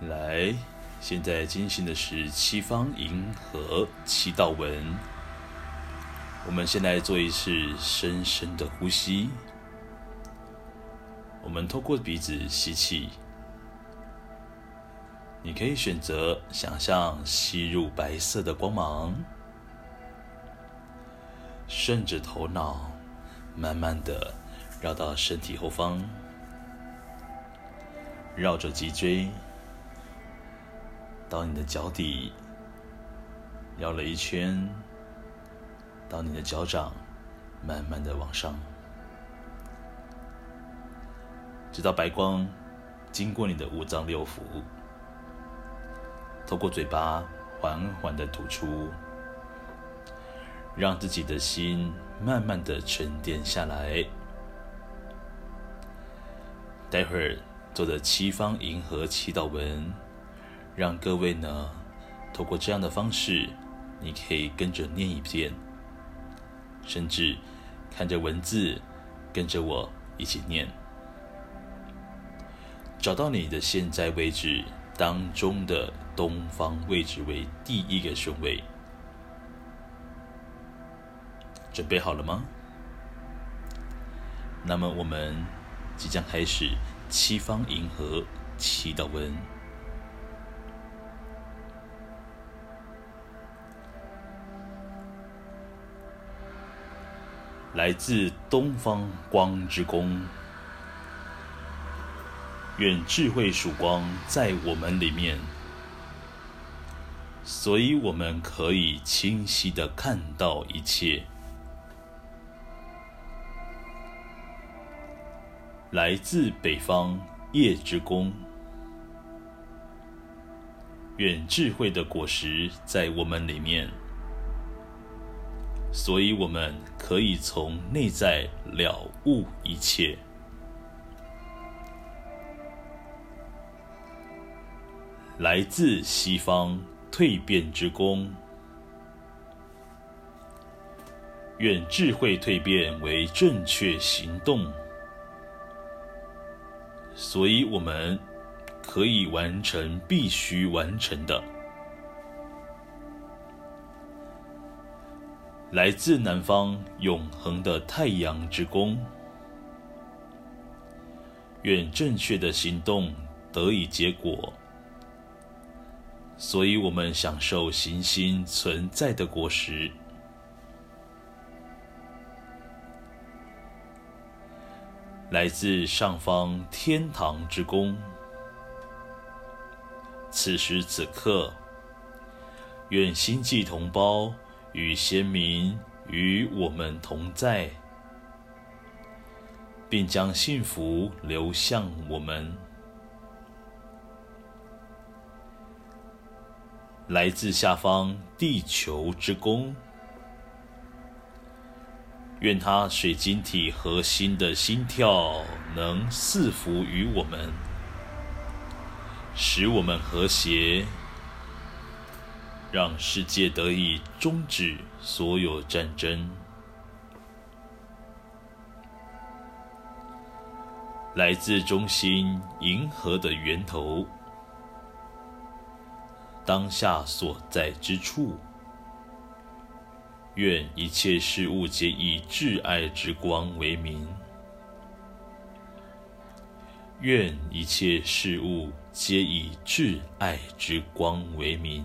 來，現在進行的是七方銀河祈禱文。我們先來做一次深深的呼吸。我們透過鼻子吸氣，你可以選擇想象吸入白色的光芒，順着頭腦，慢慢的繞到身體後方，繞着脊椎。到你的腳底繞了一圈，到你的腳掌，慢慢的往上，直到白光經過你的五臟六腑，透過嘴巴緩緩的吐出，讓自己的心慢慢的沉澱下來。待會兒坐著七方銀河祈禱文。讓各位呢，透過這樣的方式，你可以跟着念一遍，甚至看着文字，跟着我一起念，找到你的現在位置當中的東方位置為第一個順位，準備好了嗎？那麼我們即將開始七方銀河祈禱文。來自東方，光之宮，願智慧曙光在我們裡面，所以我們可以清晰的看到一切。來自北方，夜之宮，願智慧的果實在我們裡面。所以，我們可以從內在了悟一切。來自西方蛻變之宮，願智慧蛻變為正確行動。所以，我們可以完成必須完成的。來自南方永恆的太陽之宮，願正確的行動得以結果，所以我們享受行星存在的果實。來自上方天堂之宮，此時此刻，願星際同胞。與先民與我們同在，並將幸福流向我們。來自下方地球之宮，願她水晶體核心的心跳能賜福於我們，使我們和諧。讓世界得以終止所有戰爭。來自中心，銀河的源頭，當下所在之處。願一切事物皆以摯愛之光為名。願一切事物皆以摯愛之光為名。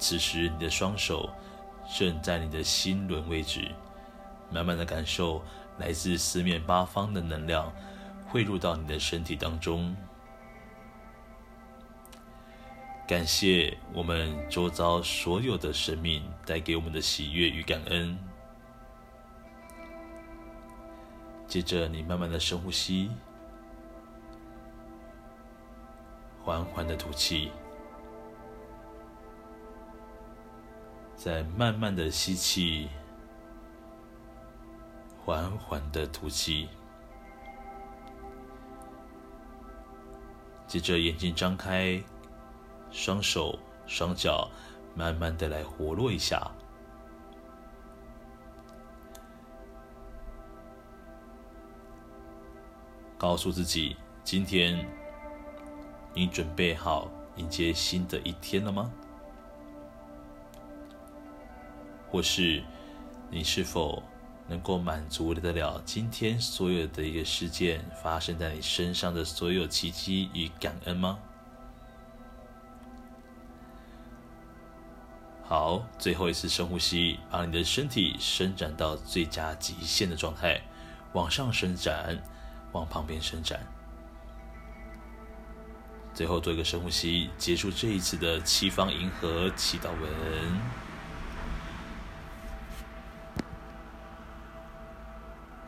此時，你的雙手正在你的心輪位置，慢慢的感受來自四面八方的能量匯入到你的身體當中。感謝我們周遭所有的生命帶給我們的喜悅與感恩。接着，你慢慢的深呼吸，緩緩的吐氣。再慢慢的吸氣，緩緩的吐氣。接着，眼睛張開，雙手、雙腳慢慢的來活絡一下。告訴自己，今天你準備好迎接新的一天了嗎？或是你是否能夠滿足得了今天所有的一個事件發生在你身上的所有奇蹟與感恩嗎？好，最後一次深呼吸，把你的身體伸展到最佳極限的狀態，往上伸展，往旁邊伸展，最後做一個深呼吸，結束這一次的七方銀河祈禱文。